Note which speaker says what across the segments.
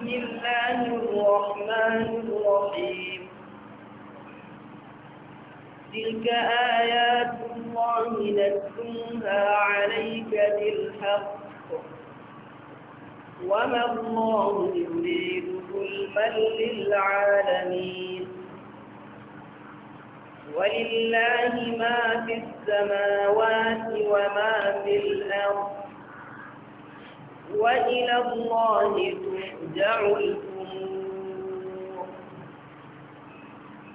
Speaker 1: بسم الله الرحمن الرحيم تلك آيات الله نتلوها عليك بالحق وما الله يريد ظلما للعالمين ولله ما في السماوات وما في الأرض وإلى الله ترجع الأمور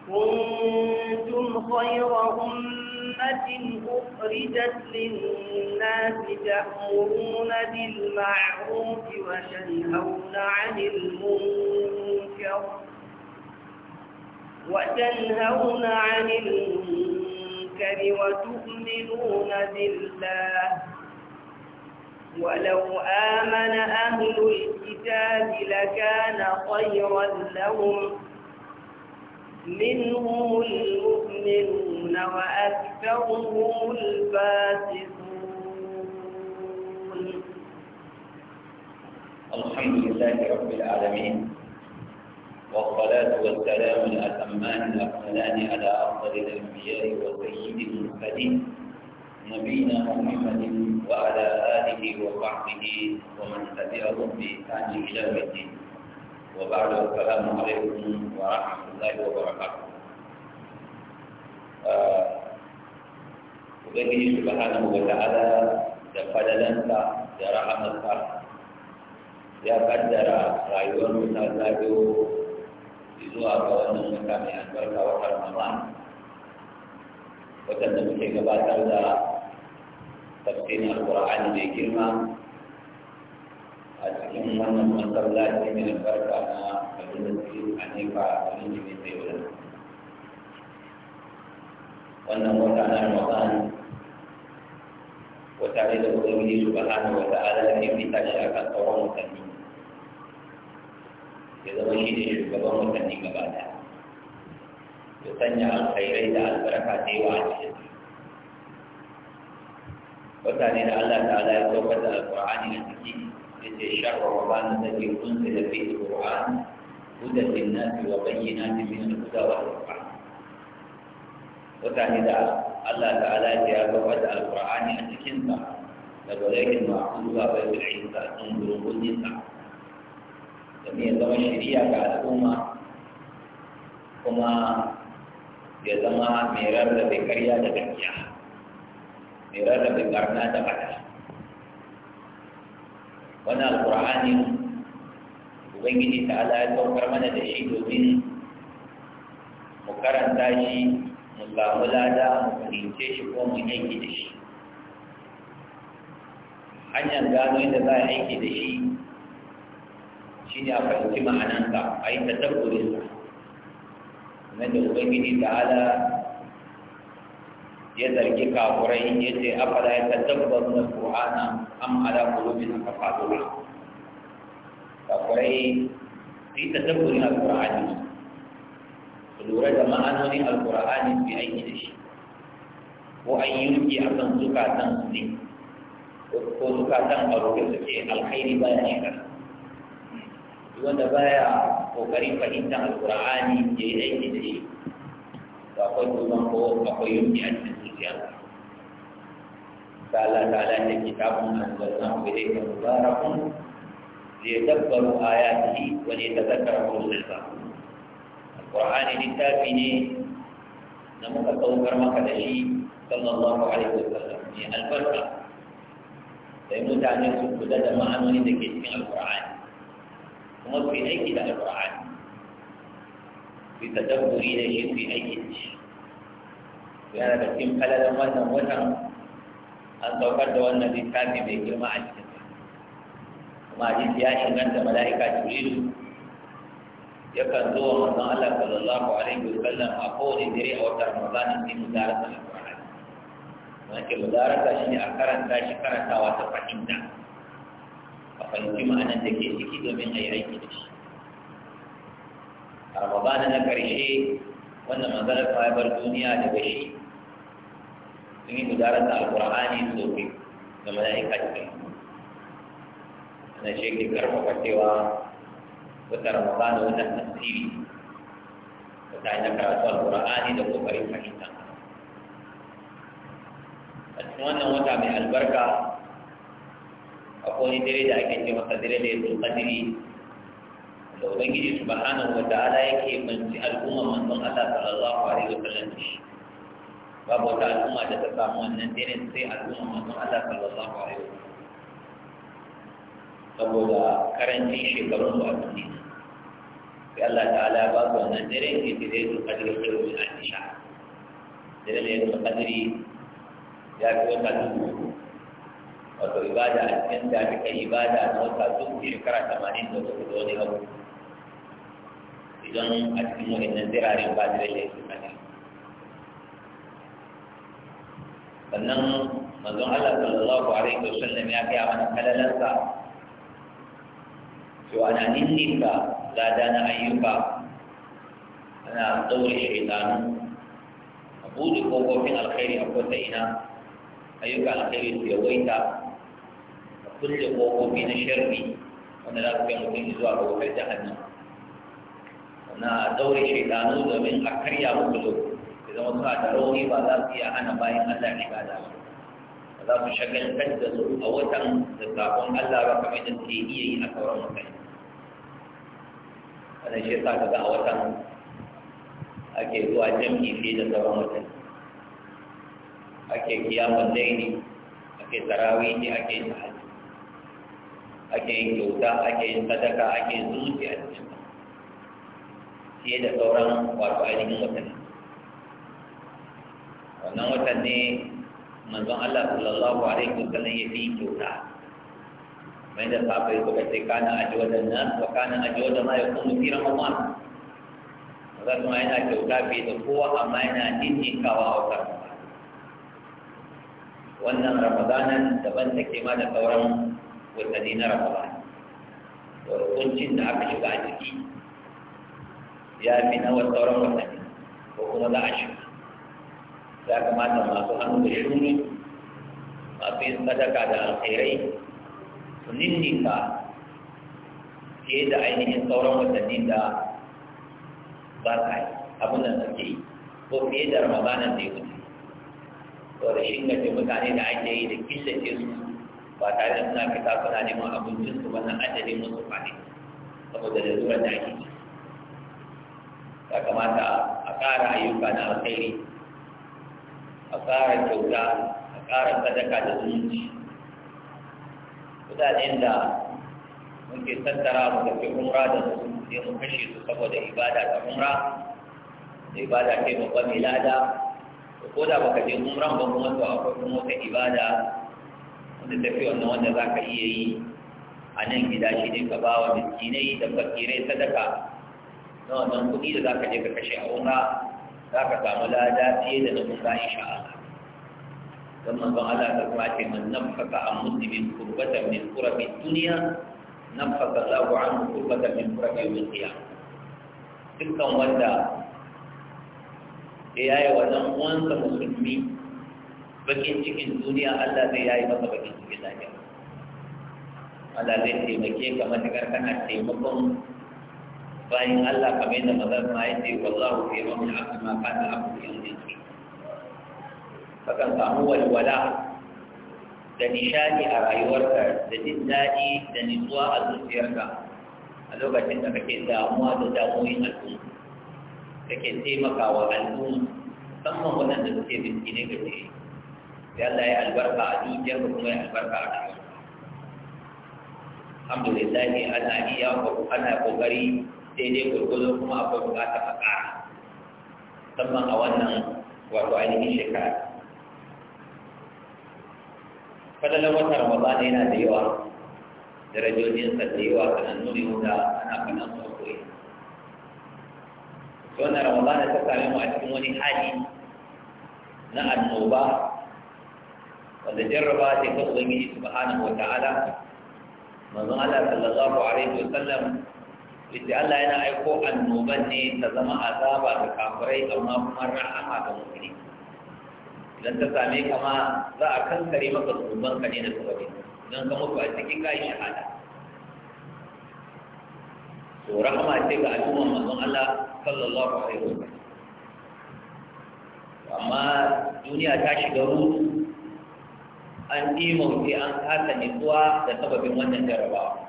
Speaker 1: كنتم خير أمة أخرجت للناس تأمرون بالمعروف وتنهون عن المنكر وتنهون عن المنكر وتؤمنون بالله ولو آمن أهل الكتاب لكان خيرا لهم منهم المؤمنون وأكثرهم الفاسقون
Speaker 2: الحمد لله رب العالمين والصلاة والسلام الأتمان الأكملان على أفضل الأنبياء وسيد المرسلين نبينا محمد وعلى آله وصحبه ومن تبعهم بإحسان إلى يوم الدين وبعد السلام عليكم ورحمة الله وبركاته Subhanahu wa ta'ala da fadalanta da rahamarsa ya kaddara rayuwar mutane zagayo zuwa ga wannan mutane albarka wata Ramadan watan da muke gabatar da tafsirin alƙur'ani mai girma a cikin wannan masallaci mai albarka na majalisi a nefa a wani mai tsaye wannan wata na ramadan wata ne da ubangiji subhanahu wa da ne fita shi a kan tsawon watanni ya zama shi ne shugaban watanni gaba ɗaya ya sanya alkhairai da albarka da yawa a cikin وثاني لعله تعالى سوف بدا القران ينتهي في الشر والبان الذي انزل فيه القران هدى للناس وبينات من الهدى والقران وثاني لعله تعالى سوف بدا القران ينتهي ولكن ما أقولها بيت العيسى تنظر كل لم يزم الشريعة كالأمة كما يزم ميراث بكريا لبكياها mai rarrabe barna da bata wani alqur'ani ubangiji ta ala ya saukar mana da shi domin mu karanta shi mu samu lada mu fahimce shi ko mu aiki da shi hanyar gano inda za a aiki da shi shi ne a fahimci ma'anansa a yi ta tabburinsa kuma da ubangiji ta ala ya zargi kafurai ya ce afala ya tadabbar na qur'ana an ala a kafadura kafurai su yi tadabburin alqur'ani su lura da ma'anonin alqur'ani su yi aiki da shi ko an yi yuki a kan zukatan su ne ko zukatan a rufe suke alkhairi baya shigar wanda baya kokarin fahimtar alqur'ani ya yi aiki da shi akwai tsoron ko akwai yunkiyar القيامة قال تعالى كتاب أنزلناه إليك مبارك ليدبروا آياته وليتذكر أولو الألباب القرآن للتابعين نموك توكر مكدشي صلى الله عليه وسلم من الفرقه فإنه تعالى سبحانه وتعالى ما أنه لذكي من القرآن وما في أيدي القرآن في تدبر إليه في أيدي yana da cikin falalan wannan watan an saukar da wannan littafi mai girma a cikin kuma hadisi ya inganta mala'ika jibrilu yakan zo wa manzon Allah sallallahu alaihi wa sallam a kowane dare a watan Ramadan ne mudarasa al-Qur'ani wannan ke mudarasa shine a karanta shi karantawa ta fahimta a fahimci ma'anar da ke ciki domin a yi aiki da shi a Ramadan na karshe wannan manzon Allah ya bar duniya daga shi sun yi mudarasa alqur'ani sau biyu da malaika jibril ana shege karfafa cewa wata ramadana wannan tasiri wata ina karatu alqur'ani da kokarin fahimta a cikin wannan wata mai albarka akwai dare da ake ce masa dare da ya zulkadiri da ubangiji subhanahu wa ta'ala yake manci al'umma manzon Allah sallallahu alaihi wa sallam babu wata al'umma da ta samu wannan dinin sai al'umma masu Allah sallallahu alaihi wasallam saboda karancin shekarun su a duniya sai Allah ta'ala ba su wannan dinin ya ce zai su kadiri kiro min aisha dinin ya su kadiri ya fi wata dubu wato ibada a cikin da aka ibada na wata dubu shekara tamanin da wasu da wani abu idan a cikin wa'annan zirarin ba da lallai su kadiri sannan manzon Allah sallallahu alaihi wasallam ya kai mana kalalansa to ana ninninka lada na ayyuka ana daure shaitanu a buɗe kofofin alkhairi a kota ina ayyuka alkhairi su yawaita a kulle kofofi na sharri wanda za su kai mutum zuwa ga wutar jahannam na daure shaitanu domin a karya mutu lokaci zama suna da rauni ba za su iya hana bayan Allah ibada ba za su shagaltar da su a watan da sabon Allah ba kamar da suke iya yi a sauran mutane wannan shi yasa kaga a watan ake zuwa jam'i fiye da sauran mutane ake kiyamun laili ake tarawih ake yin hajji ake yin kyauta ake yin sadaka ake yin zuciya a cikin fiye da sauran wato ainihin mutane wannan watan ne manzon Allah sallallahu alaihi wasallam ya fi kyauta mai da sabai suka ce kana ajwadan nan wa kana ajwadan ma yakunu fi ramadan zan ma yana kyauta bai da kowa amma yana ninninkawa a wata wannan ramadanan daban take ma da sauran watanni na ramadan hukuncin da aka shiga a ciki ya fi na sauran watanni ko kuma za a shiga ya kamata masu hannu da shuni masu yin sadaka da alkhairai su ninninka fiye da ainihin sauran watanni da ba ka yi abin da suke yi ko fiye da ramadanan da ya wuce to da shingace mutane da ake yi da killace su ba tare da suna fita suna neman abincin su wannan adadin musu kwane saboda da zuwa da ake ci ya kamata a ƙara ayyuka na alkhairi a ƙara kyauta a ƙara sadaka da zumunci kudaden da muke tattara mu tafi umra da su sai mu kashe su saboda ibada ta umra da ibada kai babba mai lada ko da baka je umran ba kuma to akwai kuma wata ibada wanda tafi wannan wanda za ka iya yi a nan gida shi ne ka ba wa miskinai da fakirai sadaka na wannan kuɗi da za ka je ka kashe a umra za ka samu lada fiye da na musa insha Allah don manzon Allah ta kuma ce man nafaka an muslimin kurbatan min kurabi duniya nafaka Allahu an kurbatan min kurabi duniya dukkan wanda ya yi wa ɗan uwansa musulmi bakin cikin duniya Allah zai yayi masa bakin cikin lafiya Allah zai taimake ka matuƙar kana taimakon فإن الله كمين مدد ما يدي والله في يوم العبد ما كان العبد في يوم الدين فكان فهو الولاء دنشاني أراي ورقة دنين دادي دنسوا الزفيرك هذا قد تنتهي بكين دعموا دعموا الألوم لكن تيمك وألوم ثم هنا نبكي من كنيكتي في الله الورقة عزيزة وكما الورقة عزيزة الحمد لله الآن يأخذ أنا بغريب daidai gurgudu kuma akwai bukatar a ƙara musamman a wannan wato ainihin shekara fadalar watan ramadan yana da yawa darajojinsa da yawa sanannu ne wanda ana faɗan su koyi to wannan ramadan ta same mu a cikin wani hali na annoba wanda jarraba ce ta ubangiji subhanahu wa ta'ala manzon Allah sallallahu alaihi wa sallam yace Allah yana aiko annoban ne ta zama azaba ga kafirai amma kuma rahama ga mu'mini idan ta same kama, za a kankare maka zunuban ka ne da sababi idan ka mutu a cikin kai shahada to rahama ce ga al'umman manzon Allah sallallahu alaihi wasallam amma duniya ta shiga rudu an ɗi mauti an kasa nutsuwa da sababin wannan jarabawa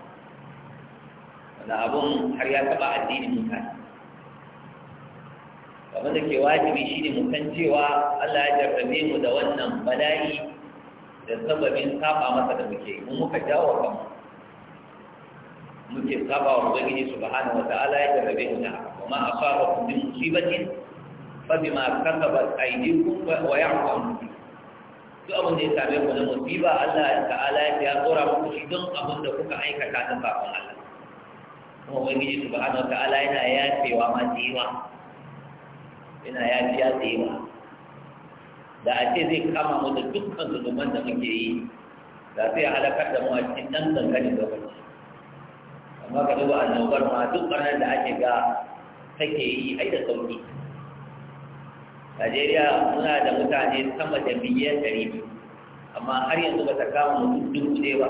Speaker 2: da abun har ya taɓa addinin mutane abin da ke wajibi shine mu san cewa Allah ya jarrabe mu da wannan bala'i da sababin saba masa da muke mu muka jawo kanmu muke saba wa ubangiji subhanahu wa ta'ala ya jarrabe mu da haka kuma asabakum min musibatin fa bima kasabat aydikum wa ya'fu an duk abin da ya same ku na musiba Allah ta'ala ya tsora muku shi don abin da kuka aikata na sabon Allah kuma ubangiji subhanahu wa ta'ala yana yafewa ma da ya yana a da wa da a ce zai kama mu da dukkan zuluman da muke yi da sai ya halakar da mu a cikin ɗan dankalin lokaci
Speaker 1: amma ka duba annobar ma
Speaker 2: duk ɓarnar da ake ga take yi ai da sauƙi Najeriya muna da mutane sama da miliyan ɗari biyu amma har yanzu ba ta kama mutum dubu ɗaya ba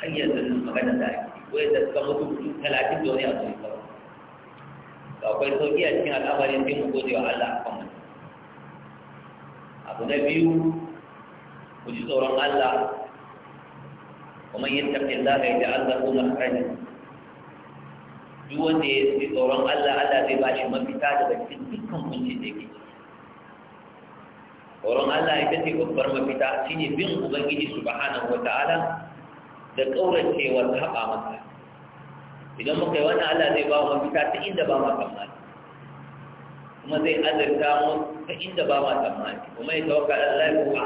Speaker 2: har yanzu magana da ake wai da suka mutu mutu talatin da wani a cikin kawai to akwai sauki a cikin al'amarin sai mu gode wa Allah a kan abu na biyu ku ji tsoron Allah kuma yin tafiyar za ka yi da Allah ko makarani duk wanda ya ji tsoron Allah Allah zai ba shi mafita daga cikin dukkan kunci da yake tsoron Allah ita ce babbar mafita shine bin ubangiji subhanahu wataala da ƙauracewar haɓa masa idan muka yi wani Allah zai ba mu fita ta inda ba ma tsammani kuma zai azurta mu ta inda ba ma tsammani kuma ya tawaka Allah ya kuwa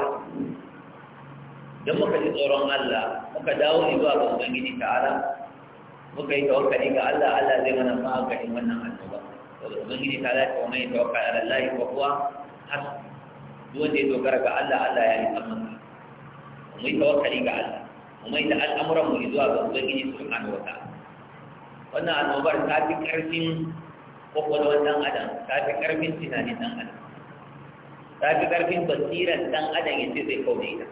Speaker 2: idan muka ji tsoron Allah muka dawo ne zuwa ga Ubangiji ta'ala muka yi tawakkali ga Allah Allah zai mana maganin wannan annoba saboda Ubangiji ta'ala ta kuma ya tawaka Allah ya kuwa har duk wanda ya dogara ga Allah Allah ya yi tsammani mu yi tawakkali ga Allah mai da al'amuran mu zuwa ga ubangiji su wa wata. wannan annobar ta fi karfin kwakwalwar dan adam ta fi karfin tunanin dan adam ta fi karfin basiran dan adam ya ce zai kauce ita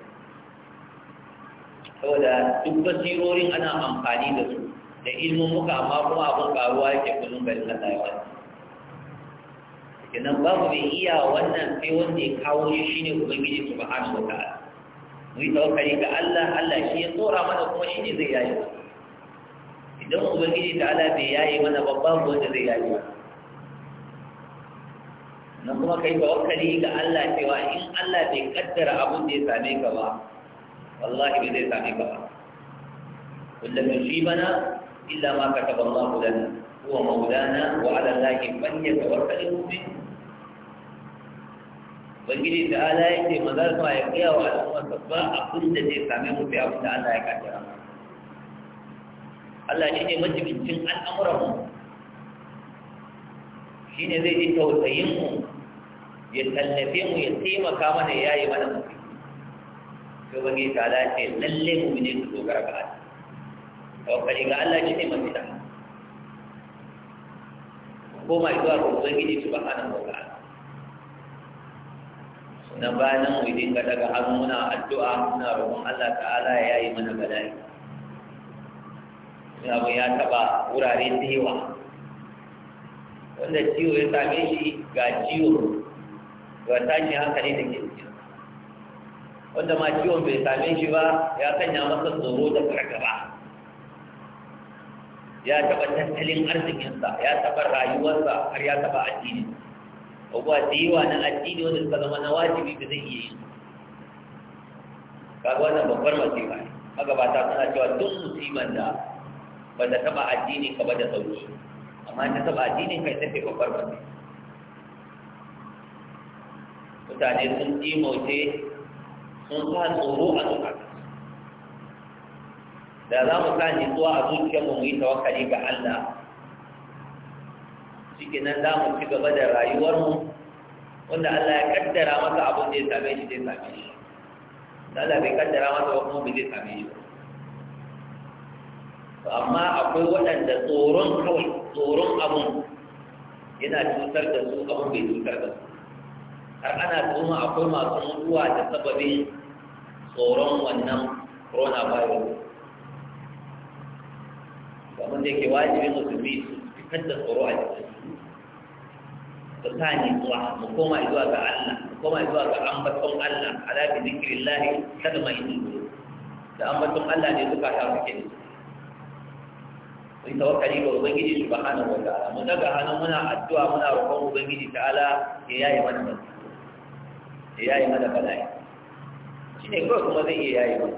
Speaker 2: saboda duk basirorin ana amfani da su da ilmin muka amma kuma abin karuwa yake kullum bari na tsayawa kenan babu mai iya wannan sai wanda ya kawo shi shine ubangiji subhanahu wa ta'ala mu yi tawakkali ga Allah Allah shi ya tsora mana kuma shi ne zai yayi idan ubangiji ta ala bai yayi mana babban wanda zai yayi na kuma kai tawakkali ga Allah cewa in Allah bai kaddara abin da ya same ka ba wallahi bai zai same ka ba kullum mana illa ma kataba Allah lana huwa maulana wa ala allahi falyatawakkalul mu'min ubangiji da ala ya ce maza su ya gaya wa al'umma ba abin da zai same mu biya abin da Allah ya kaddara Allah shi ne majibincin al'amuranmu shi ne zai ji tausayinmu ya tallafe mu ya taimaka mana ya yi mana mutu to ubangiji da ala ce lalle mu ne su dogara ga Allah tawakkali ga Allah shi ne mafita koma zuwa ga ubangiji subhanahu wa ta'ala na bayan mu ga daga hannu muna addu'a muna roƙon Allah ta'ala ya yi mana bala'i Ina abu ya taɓa wurare da yawa wanda ciwo ya same shi ga ciwo ga tashi hankali da ke cikin wanda ma ciwon bai same shi ba ya sanya masa tsoro da fargaba ya taɓa tattalin arzikinsa ya taɓa rayuwarsa har ya taɓa addinin abubuwa yi wa nan addini wanda suka zama na wajibi ba zai iya yi kaga wannan babbar masifa ne magabata suna cewa duk musiban da ba ta taba addini ka ba da sauki amma ta taba addini kai ta sai babbar masifa mutane sun imauce sun sa tsoro a zukata da za mu sa zuwa a zuciyarmu mu yi tawakkali ga Allah shike nan za mu ci gaba da rayuwarmu wanda Allah ya kaddara masa abin da ya same shi zai same shi da Allah bai kaddara masa wani kuma zai same shi ba amma akwai waɗanda tsoron kawai tsoron abun yana cutar da su abun bai cutar da su har ana tuma akwai masu mutuwa da sababin tsoron wannan coronavirus abin da yake wajibi bi su fitar da tsoro a jikin ka sa ni zuwa mu koma zuwa ga Allah mu koma zuwa ga ambaton Allah ala bi zikrillah kada mai ni da ambaton Allah ne suka ta suke ne mun tawakkali ga ubangiji subhanahu wa ta'ala mu daga hannu muna addu'a muna roƙon ubangiji ta'ala ya yaye mana bala'i ya yaye mana bala'i shine kawai kuma zai iya yaye mana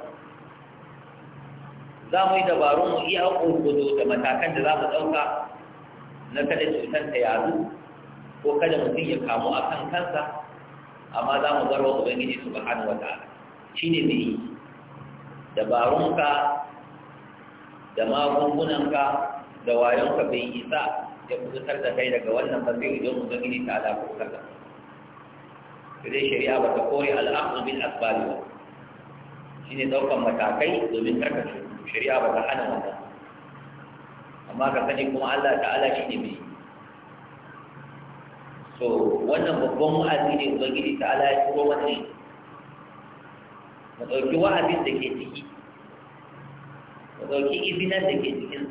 Speaker 2: za mu yi dabaru mu iya ƙurƙudu da matakan da za mu ɗauka na kada cutar ta yaru ko kada mutum ya kamu a kan kansa amma za mu bar wa ubangiji su ba'an wata shi ne mai dabarunka
Speaker 1: da magungunanka da wayonka bai
Speaker 2: isa ya kuzutar da kai daga wannan ba zai idon ubangiji ta ala ko da sai shari'a ba ta kore al'amru bin asibali ba shi ne ɗaukan matakai domin karkashin shari'a ba ta hana wannan amma ka sani kuma Allah ta'ala shi ne mai to wannan babban wa'azi ne ubangiji ta ala ya turo mana shi mu ɗauki wa'azin da ke ciki mu ɗauki izinan da ke cikin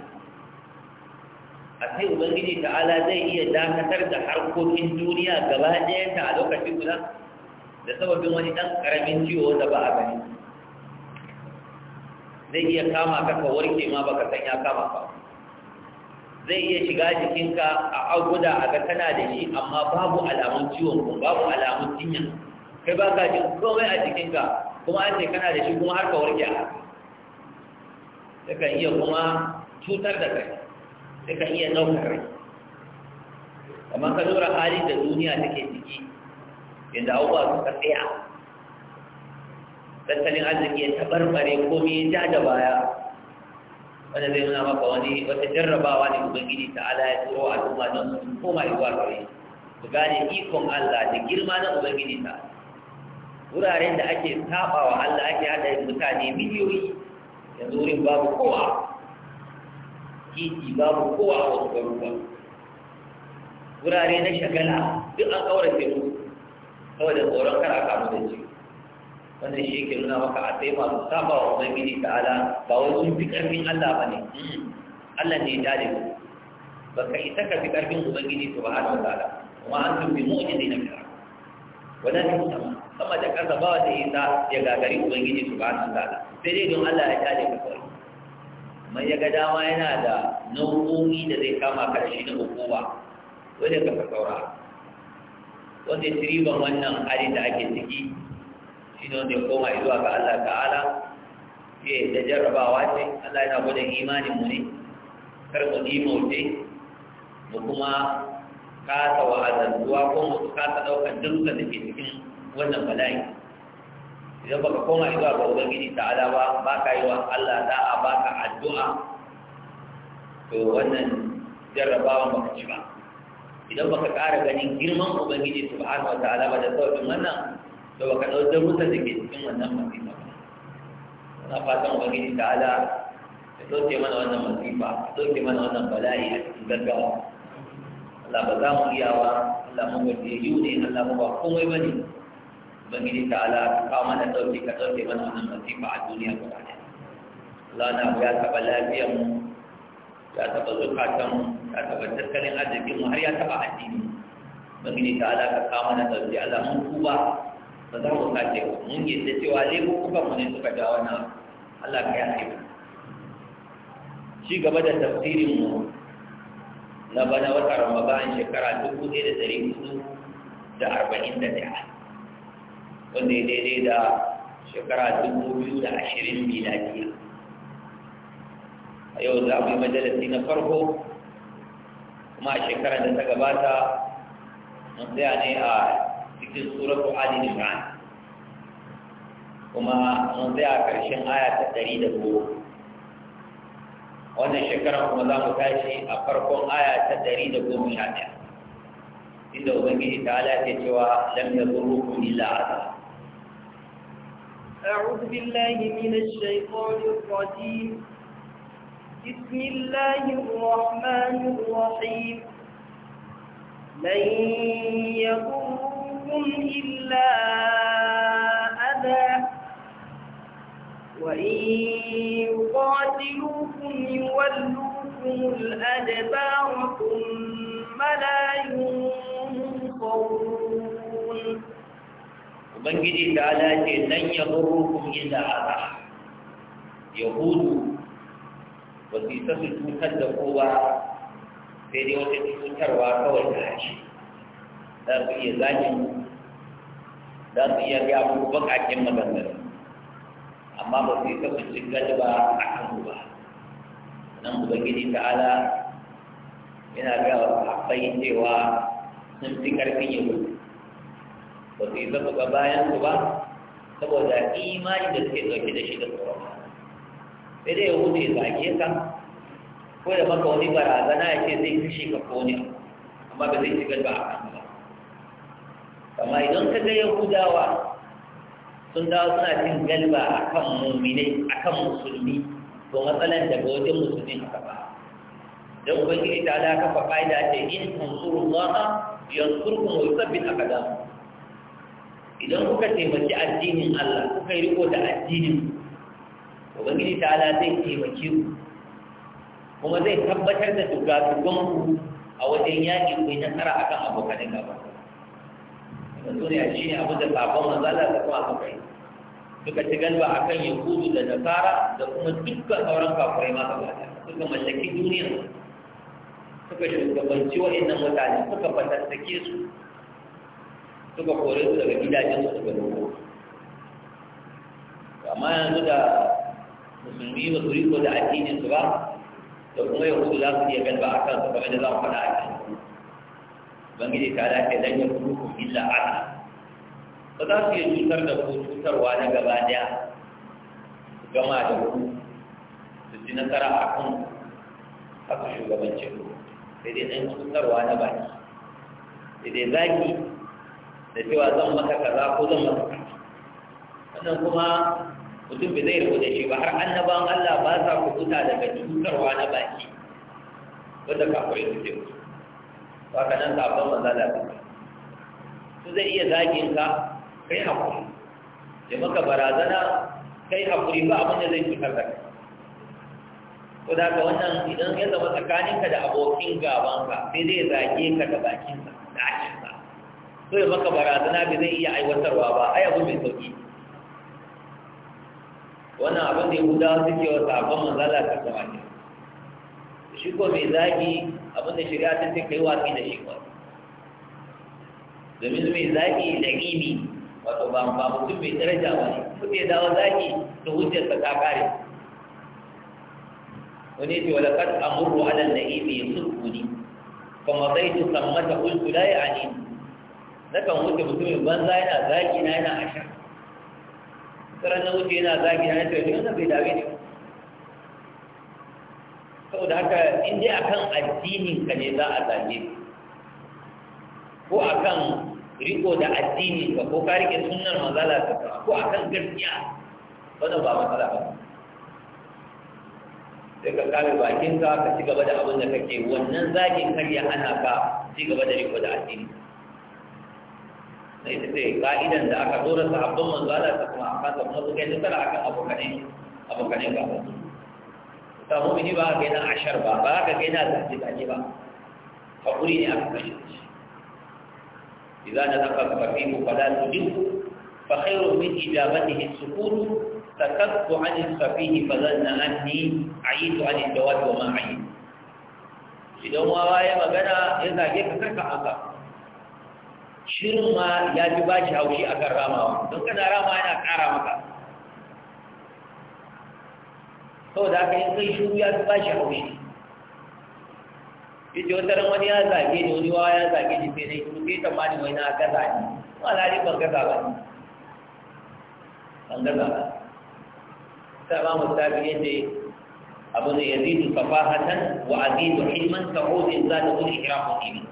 Speaker 2: a sai ubangiji ta ala zai iya dakatar da harkokin duniya gaba ɗaya ta a lokacin guda da sababin wani ɗan ƙaramin ciwo da ba a gani zai iya kama ka ka warke ma baka san ya kama ka zai iya shiga jikinka a aguda a ga tana da shi amma babu alamun ciwon ko babu alamun jinya kai ba ka jin komai a jikinka kuma an ce kana da shi kuma har ka warke a kan iya kuma cutar da kai kan iya ɗaukar rai amma ka lura hali da duniya take ciki yadda abubuwa suka tsaya tattalin arziki ya tabarbare komai ya ja da baya wanda zai nuna maka wani wata jarrabawa ne ubangiji ta ala ya turo a al'umma don su koma zuwa gare su gane ikon Allah da girma na ubangiji ta wuraren da ake sabawa Allah ake hada mutane miliyoyi yanzu wurin babu kowa titi babu kowa a wasu garuruwa wurare na shagala duk an kaurace musu saboda tsoron kar a kamu da ci wannan shi yake nuna maka a sai masu saba wa ubangiji ala ba wai sun fi karfin Allah bane Allah ne ya dade Ba ka isa ka fi karfin ubangiji subhanahu wa ala. kuma an tun bi mu'jizina fi al-ard wala ta sama sama da ƙasa ba wata isa ya gagari ubangiji subhanahu wa ala. sai dai don Allah ya dade ka kawai man ya ga dama yana da nau'o'i da zai kama ka da shi na hukuma dole ka ka saura wanda ya riban wannan hali da ake ciki shi ne wanda ya koma zuwa ga Allah ta'ala ke da jarrabawa ce Allah yana gwada imanin mu ne kar mu yi mauce mu kuma kasa wa azantuwa ko mu kasa daukan dukkan da ke cikin wannan bala'i idan baka koma zuwa ga ubangiji ta'ala ba ba ka yi wa Allah da'a ba ka addu'a to wannan jarrabawan baka ci ba idan baka ƙara ganin girman ubangiji subhanahu wa ta'ala ba da sauƙin wannan da baka ɗau darussan da ke cikin ka a duniya gaba ɗaya ya taɓa lafiyarmu ya ka ba za mu kace ba mun yadda cewa lebo kuka mu ne suka ga wannan Allah ka yafe Shi gaba da tafsirin mu na bana wata Ramadan shekara dubu ɗaya da ɗari hudu da arba'in da ɗaya wanda ya daidai da shekara dubu biyu da ashirin miladiya a yau za mu yi majalisi na farko kuma a shekarar da ta gabata mun tsaya ne a cikin suratu ali imran kuma mun tsaya ƙarshen aya ta ɗari da goma wannan shekarar kuma za mu tashi a farkon aya ta ɗari da goma sha ɗaya inda ubangiji ta halatta cewa lam ya zurrukum illa azab
Speaker 1: أعوذ بالله من الشيطان الرجيم بسم الله الرحمن الرحيم من يضر لكم إلا أذى وإن يقاتلوكم يولوكم الأدبار ثم لا ينصرون
Speaker 2: Ubangiji ta ce nan ya burukun illa aza yahudu ba su isa su cutar da kowa sai dai wata cutarwa kawai da ake, za su iya zagin za su iya ga abu bakakin maganar amma ba su yi cika gadi ba a kan ba nan ta ta'ala yana ga sahabbai cewa sun fi karfin yi ba su yi zama ga bayan su ba saboda imani da suke dauke da shi da ba sai dai wuce ba a ka ko da maka wani barazana ya ce zai shi ka ko ne amma ba zai shigar ba a kan ba amma idan ka ga yahudawa sun dawo suna cin galba a kan muminai a kan musulmi to matsalan daga wajen musulmi aka ba don ubangiji ta ala kafa fa'ida ce in tansuru allaha yansurkum wa yuthabbit aqdamakum idan kuka taimaki addinin Allah kuka yi riko da addinin ubangiji ta ala zai taimaki ku kuma zai tabbatar da dugadugan ku a wajen yaƙi ku nasara akan abokan gaba da su shi ne abu da sabon manzala da kuma aka kai suka ci galba a kan yahudu da nasara da kuma dukkan sauran kafurai masu gaba ɗaya suka mallaki duniya suka shugabanci wa'annan mutane suka fatattake su suka kore su daga gidajen su daga dogo amma yanzu da musulmi ba su riko da addinin su ba da kuma yahudu za su iya galba a kan su kamar da za mu faɗa a ubangiji ta dace dan ya kuku illa ala ba za su yi cutar da ku cutarwa na gaba daya su gama da ku su ji nasara a kan haka shugabancin ku sai dai dan cutarwa na baki sai dai zaki da cewa zan maka kaza ko zan maka kaza wannan kuma mutum bai zai rubuta shi ba har annabawan Allah ba sa kubuta daga cutarwa na baki wanda kafirai ce ku. ka nan sabon manzala ba su zai iya zagin ka kai hakuri Da maka barazana kai hakuri ba abin da zai cutar da Ku ko da ka wannan idan ya zama tsakaninka da abokin gabanka sai zai zage ka da bakinsa da akinsa so ya maka barazana bai zai iya aiwatarwa ba ai abu mai sauki wannan abin da ya huda suke wa sabon manzala ta zama ne shi ko mai zagi abin da shirya ta ce kai wani da shi ba domin mai zaki da gini wato ba ba mutum mai daraja ba ne kuma ya dawo zaki da hujjar ta kare wani ce wala kad amuru ala sulku yusufuni kuma zai tu sammata ya ani ya'ani nakan wuce mutumin banza yana zaki na yana ashirin. saran na wuce yana zaki na yana tafiya wannan bai dawe ne saboda haka in dai kan addininka ka ne za a zage ko a kan riko da addini ka ko ka rike sunnar manzala ta ko kan gaskiya wannan ba matsala ba sai ka kame bakin ka ka ci gaba da abin da kake wannan zagin karya ana ka ci gaba da riko da addini na ita ce ka'idan da aka da sahabban manzo Allah ta kuma a kan kuma su kai dukkan akan abokanai abokanai ba ta mumini ba ka yana ashar ba ba ka ga yana zaje zaje ba hakuri ne aka kashe shi Iza na zaka ka fi mu fala tudiku fa khairu min ijabatihi sukut sakattu an safihi fa zanna anni aitu an dawat wa ma aitu idan wawa ya magana ya zage ka karka aka shirin ma ya ji ba shi haushi akan ramawa don kana rama yana kara maka saboda haka in kai shiru ya fi bashi haushi yace wata ran wani ya zage ni wani wawa ya zage ni sai dai kuma sai tamani wai na gaza ni wala ni ban gaza ba ban gaza ba sai ba mu tabi da abu ne yazidu safahatan wa azidu hilman ta'ud in za ta gudu ikramu dini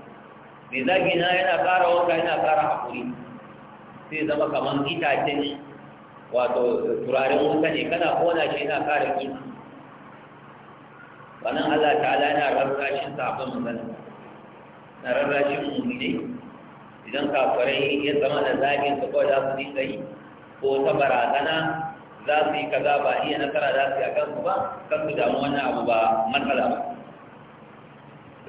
Speaker 2: Me zage na yana ƙara wanka yana ƙara hakuri sai zama kamar ne. wato turaren wuta ne kana kona shi yana ƙara kima wannan Allah ta'ala yana rarrashin sabon manzon na rarrashin mu'mini idan kafirai ya zama da zagin su kawai za su yi yi ko ta barazana za su yi kaza ba iya nasara za su yi a kansu ba kan su damu wannan abu ba matsala ba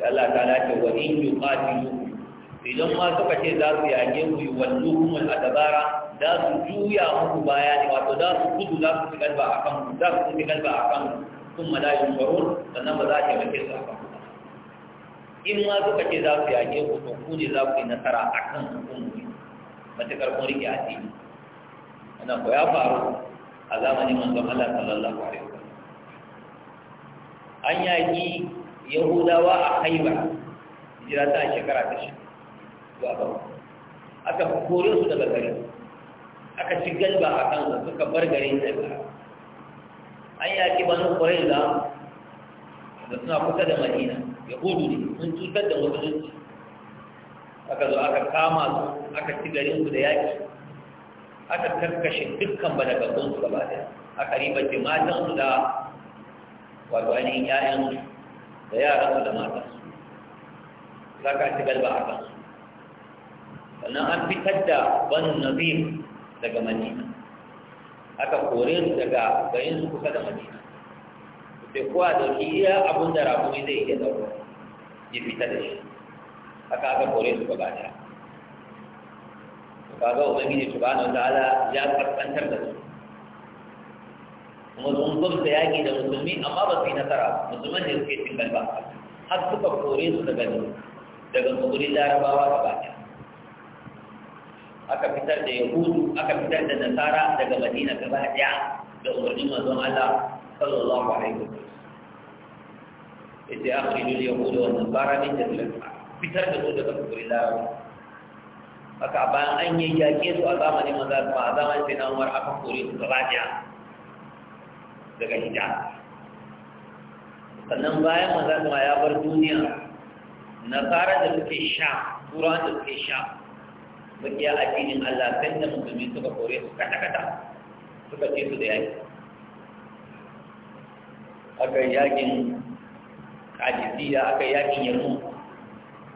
Speaker 2: sai Allah ta'ala ce wa in yuqatilu idan ma suka ce za su yage ku yi wallo kuma al'adabara za su juya muku baya ne wato za su gudu za su fi galba a kan za su fi galba a kan sun malayin barun sannan ba za a taimake su a kan in ma suka ce za su yaƙe ku to ku ne za ku yi nasara a kan hukumomi matuƙar kun rike addini ana ko ya faru a zamanin manzon Allah sallallahu alaihi wasallam an yaƙi yahudawa a haibar jira ta shekara ta shi zuwa ba aka kore su daga gari aka ci galba a kansu suka bar garin da an yaki banu ƙwararra da suna kusa da madina ya hudu ne sun cutar da musulunci aka zo aka kama su aka ci garin su da yaƙi aka karkashe dukkan balagagun su gaba ɗaya aka riba matan su da wato ainihin ƴaƴan su da yaran su da matan su za ka ci galba a kansu sannan an fitar da banu nazir daga madina aka kore su daga garin su kusa da madina sai kuwa da iya abin da ne zai iya dauka ya fita da shi aka aka kore su gaba daya kaga ubangiji subhanahu ala ya karkantar da su kuma sun da yaƙi da musulmi amma ba su yi nasara musulman ne suke cin galba har suka kore su daga daga tsibirin larabawa gaba daya aka fitar da yahudu aka fitar da nasara daga madina gaba daya da umarnin manzon Allah sallallahu alaihi wasallam yace akhriju al-yahud wa an-nasara min jannati fitar da su daga kafirin larabawa haka bayan an yi yaƙe su a zamanin maza ba a zamanin sai na umar aka kore su gaba daya daga hijab sannan bayan maza ya bar duniya nasara da suke sha turawa da suke sha makiya addinin Allah kan da musulmi suka kore su kata kata suka ce su da yaki aka yakin kadisiya aka yakin yarmu